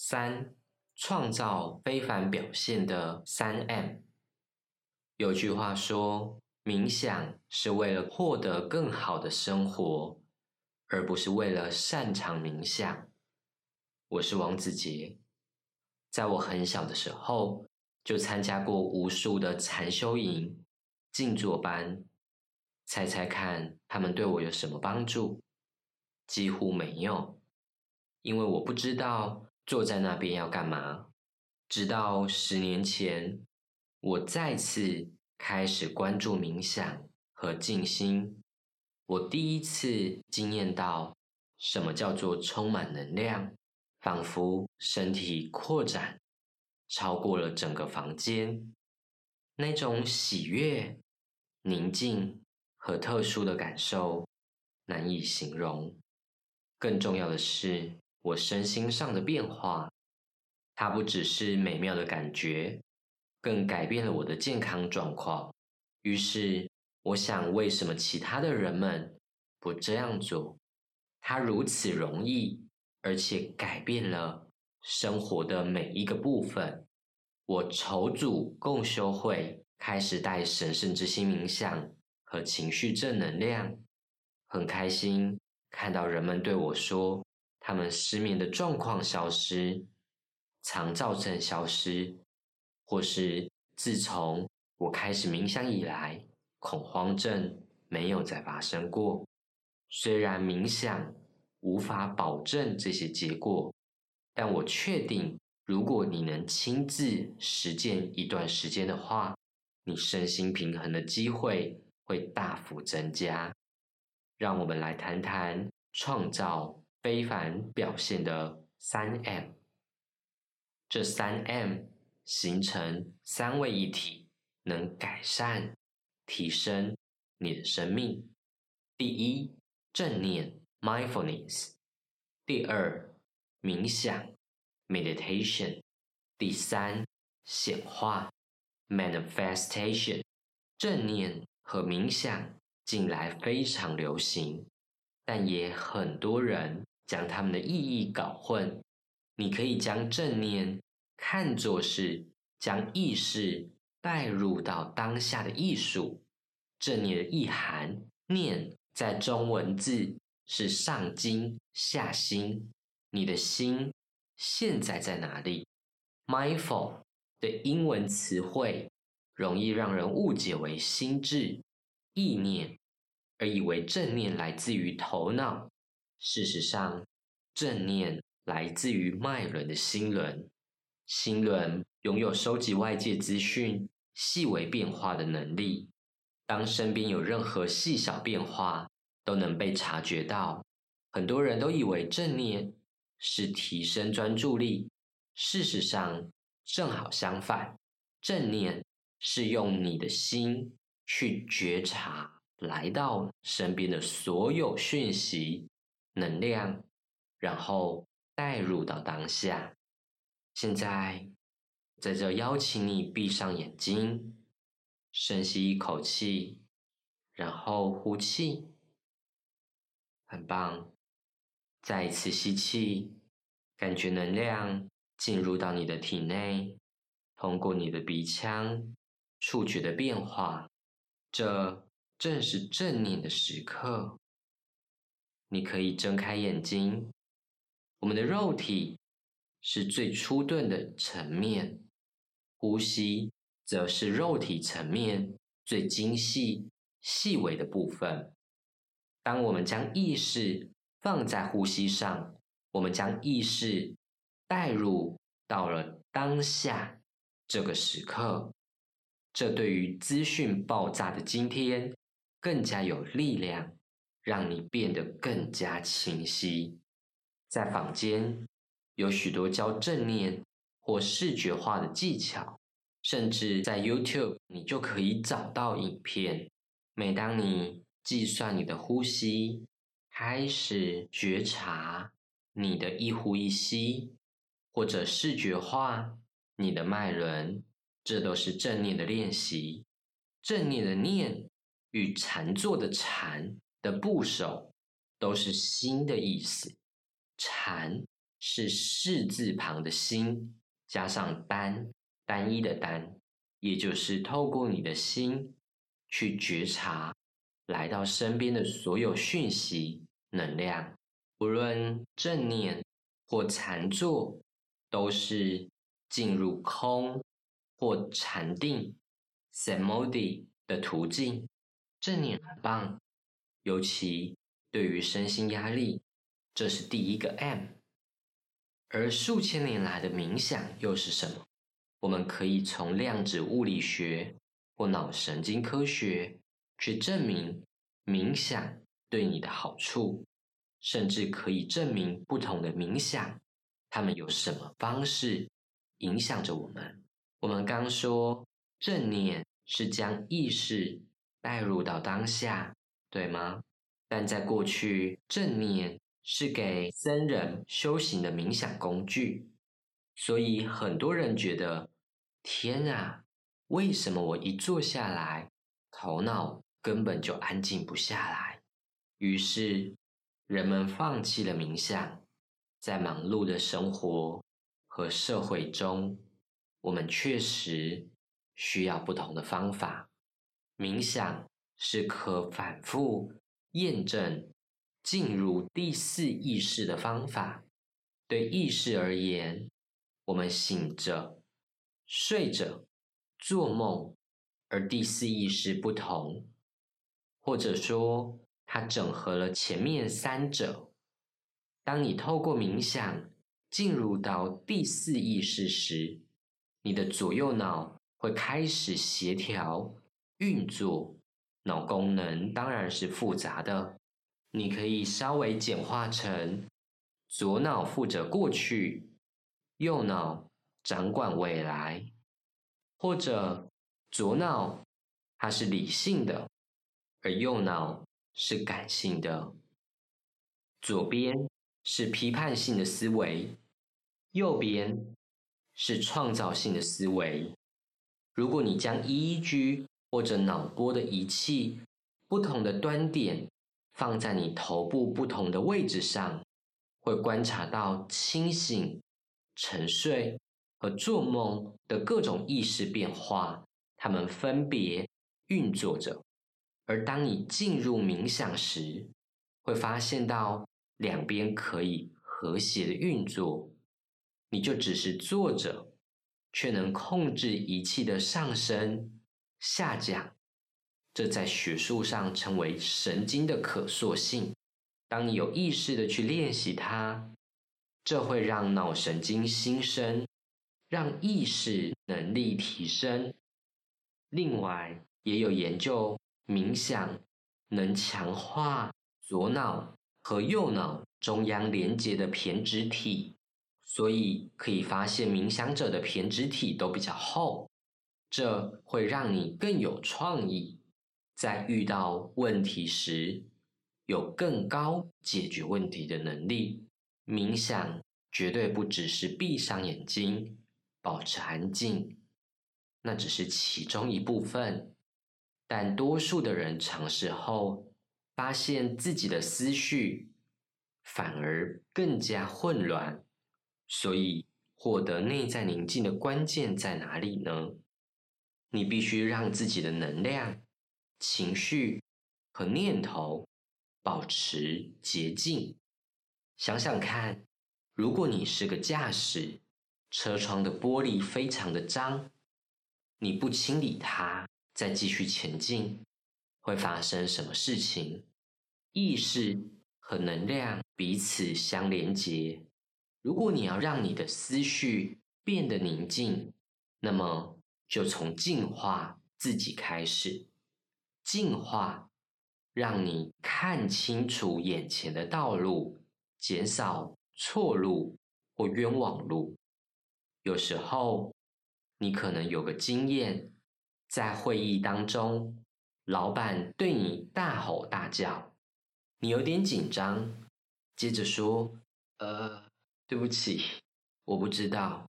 三，創造非凡表現的三 M。有句話說：“冥想是為了獲得更好的生活，而不是為了擅長冥想。”我是王子杰，在我很小的時候就參加過無數的禪修營、靜坐班。猜猜看，他們對我有什麼幫助？幾乎沒有，因為我不知道。坐在那邊要幹嘛？直到十年前，我再次開始關注冥想和靜心，我第一次經驗到什麼叫做充滿能量，仿佛身體擴展超過了整個房間，那種喜悅、寧靜和特殊的感受難以形容。更重要的是，我身心上的變化，它不只是美妙的感覺，更改變了我的健康狀況。於是，我想，為什麼其他的人們不這樣做？它如此容易，而且改變了生活的每一個部分。我籌組共修會，開始帶神聖之心冥想和情緒正能量。很開心看到人們對我說。他們失眠的狀況消失，腸躁症消失，或是自從我開始冥想以來，恐慌症沒有再發生過。雖然冥想無法保證這些結果，但我確定，如果你能親自實踐一段時間的話，你身心平衡的機會會大幅增加。讓我們來談談創造。非凡表現的三 M，這三 M 形成三位一體，能改善、提升你的生命。第一，正念 （Mindfulness）；第二，冥想 （Meditation）；第三，顯化 （Manifestation）。正念和冥想近來非常流行。但也很多人將他們的意義搞混。你可以將正念看作是將意識帶入到當下的藝術。正念的意涵，念在中文字是上今下心，你的心現在在哪裡？Mindful 的英文詞彙容易讓人誤解為心智、意念。而以為正念來自於頭腦，事實上，正念來自於脈輪的心輪。心輪擁有收集外界資訊、細微變化的能力。當身邊有任何細小變化，都能被察覺到。很多人都以為正念是提升專注力，事實上，正好相反。正念是用你的心去覺察。來到身邊的所有訊息、能量，然後帶入到當下。現在，在這邀請你閉上眼睛，深吸一口氣，然後呼氣。很棒，再一次吸氣，感覺能量進入到你的體內，通過你的鼻腔，觸覺的變化，這。正是正念的時刻，你可以睜開眼睛。我們的肉體是最粗鈍的層面，呼吸則是肉體層面最精細、細、細微的部分。當我們將意識放在呼吸上，我們將意識帶入到了當下這個時刻。這對於資訊爆炸的今天，更加有力量，讓你變得更加清晰。在坊間有許多教正念或視覺化的技巧，甚至在 YouTube 你就可以找到影片。每當你計算你的呼吸，開始覺察你的一呼一吸，或者視覺化你的脈輪，這都是正念的練習。正念的念，與禪坐的“禪”的部首都是“心”的意思，“禪”是“示”字旁的“心”，加上“單”單一的“單”，也就是透過你的心去覺察來到身邊的所有訊息、能量，無論正念或禪坐，都是進入空或禪定 samadhi 的途徑。正念很棒，尤其對於身心壓力，這是第一個 M。而數千年來的冥想又是什麼？我們可以從量子物理學或腦神經科學去證明冥想對你的好處，甚至可以證明不同的冥想，它們有什麼方式影響着我們。我們剛說正念是將意識帶入到當下，對嗎？但在過去，正念是給僧人修行的冥想工具，所以很多人覺得：天啊，為什麼我一坐下來，頭腦根本就安靜不下來？於是，人們放棄了冥想。在忙碌的生活和社會中，我們確實需要不同的方法。冥想是可反覆驗證進入第四意識的方法。對意識而言，我們醒着、睡着、做夢，而第四意識不同，或者說它整合了前面三者。當你透過冥想進入到第四意識時，你的左右腦會開始協調。運作腦功能當然是複雜的，你可以稍微簡化成左腦負責過去，右腦掌管未來，或者左腦它是理性的，而右腦是感性的。左邊是批判性的思維，右邊是創造性的思維。如果你將一居或者腦波的儀器，不同的端點放在你頭部不同的位置上，會觀察到清醒、沉睡和做夢的各種意識變化，它們分別運作着。而當你進入冥想時，會發現到兩邊可以和諧的運作，你就只是坐着，卻能控制儀器的上升、下降，這在學術上稱為神經的可塑性。當你有意識地去練習它，這會讓腦神經新生，讓意識能力提升。另外，也有研究，冥想能強化左腦和右腦中央連接的胼胝體，所以可以發現冥想者的胼胝體都比較厚。這會讓你更有創意，在遇到問題時有更高解決問題的能力。冥想絕對不只是閉上眼睛、保持安靜，那只是其中一部分。但多數的人嘗試後，發現自己的思緒反而更加混亂，所以，獲得內在寧靜的關鍵在哪裡呢？你必須讓自己的能量、情緒和念頭保持潔淨。想想看，如果你是個駕駛，車窗的玻璃非常的髒，你不清理它，再繼續前進，會發生什麼事情？意識和能量彼此相連結。如果你要讓你的思緒變得寧靜，那麼。就從淨化自己開始，淨化，讓你看清楚眼前的道路，減少錯路或冤枉路。有時候，你可能有個經驗，在會議當中，老闆對你大吼大叫，你有點緊張，接着說：“呃，對不起，我不知道。”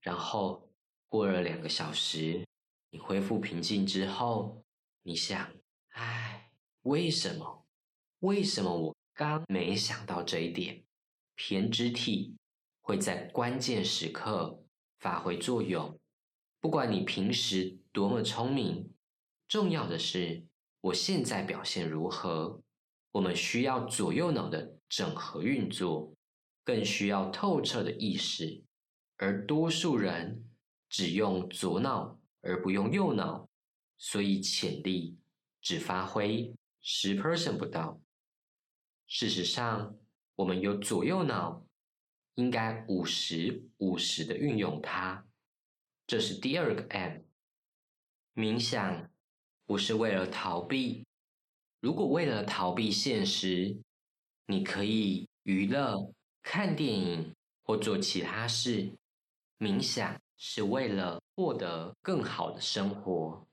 然後。過了兩個小時，你恢復平靜之後，你想，唉，為什麼？為什麼我剛沒想到這一點？偏執體會在關鍵時刻發揮作用。不管你平時多麼聰明，重要的是我現在表現如何。我們需要左右腦的整合運作，更需要透徹的意識，而多數人。只用左腦而不用右腦，所以潛力只發揮十 percent 不到。事實上，我們有左右腦，應該五十五十的運用它。這是第二個 M，冥想不是為了逃避。如果為了逃避現實，你可以娛樂、看電影或做其他事。冥想。是為了獲得更好的生活，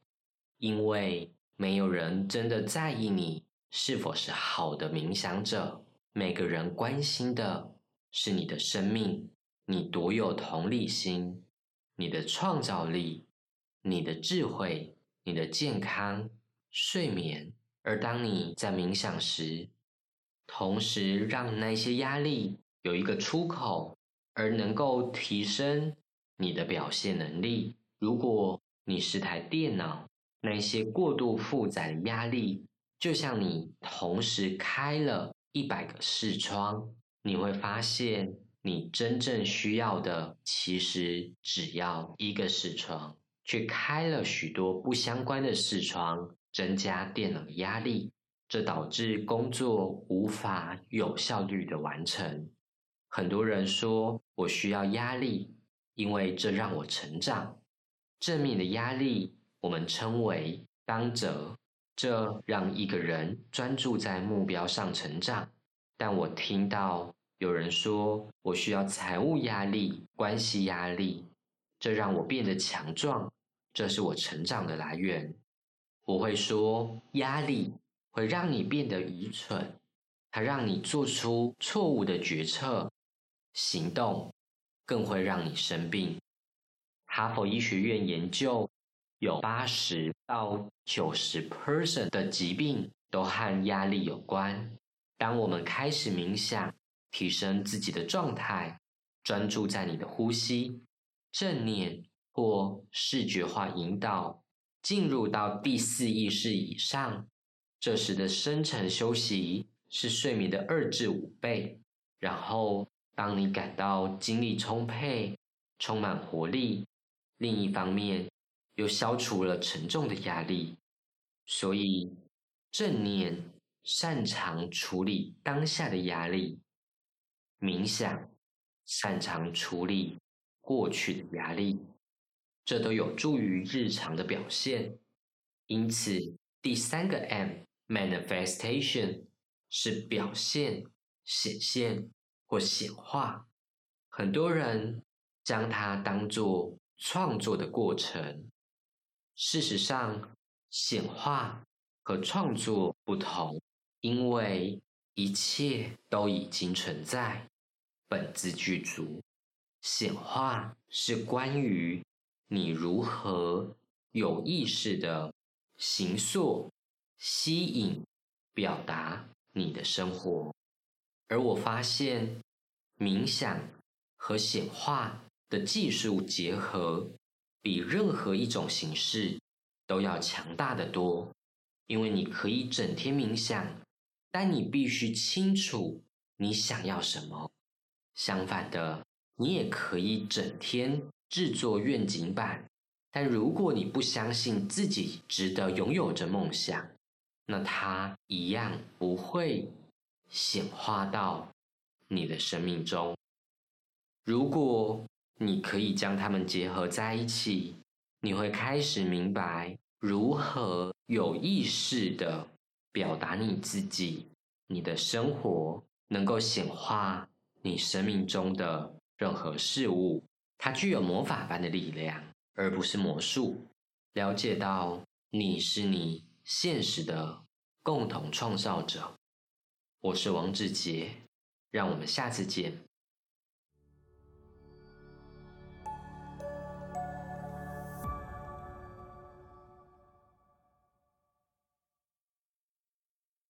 因為沒有人真的在意你是否是好的冥想者。每個人關心的是你的生命，你多有同理心，你的創造力，你的智慧，你的健康、睡眠。而當你在冥想時，同時讓那些壓力有一個出口，而能夠提升。你的表現能力。如果你是台電腦，那些過度負載的壓力，就像你同時開了一百個視窗，你會發現你真正需要的其實只要一個視窗，卻開了許多不相關的視窗，增加電腦壓力，這導致工作無法有效率的完成。很多人說，我需要壓力。因為這讓我成長，正面的壓力我們稱為當責，這讓一個人專注在目標上成長。但我聽到有人說我需要財務壓力、關係壓力，這讓我變得強壯，這是我成長的來源。我會說壓力會讓你變得愚蠢，它讓你做出錯誤的決策、行動。更會讓你生病。哈佛醫學院研究有八十到九十 percent 的疾病都和壓力有關。當我們開始冥想，提升自己的狀態，專注在你的呼吸、正念或視覺化引導，進入到第四意識以上，這時的深層休息是睡眠的二至五倍。然後。當你感到精力充沛、充滿活力，另一方面又消除了沉重的壓力，所以正念擅長處理當下的壓力，冥想擅長處理過去的壓力，這都有助於日常的表現。因此，第三個 M，manifestation，是表現、顯現。或顯化，很多人將它當作創作的過程。事實上，顯化和創作不同，因為一切都已經存在，本自具足。顯化是關於你如何有意識的形塑、吸引、表達你的生活。而我發現，冥想和顯化的技術結合，比任何一種形式都要強大得多。因為你可以整天冥想，但你必須清楚你想要什麼。相反的，你也可以整天制作願景板，但如果你不相信自己值得擁有這夢想，那它一樣不會。顯化到你的生命中。如果你可以將它們結合在一起，你會開始明白如何有意識地表達你自己，你的生活能夠顯化你生命中的任何事物，它具有魔法般的力量，而不是魔術。了解到你是你現實的共同創造者。我是王志杰，讓我們下次見。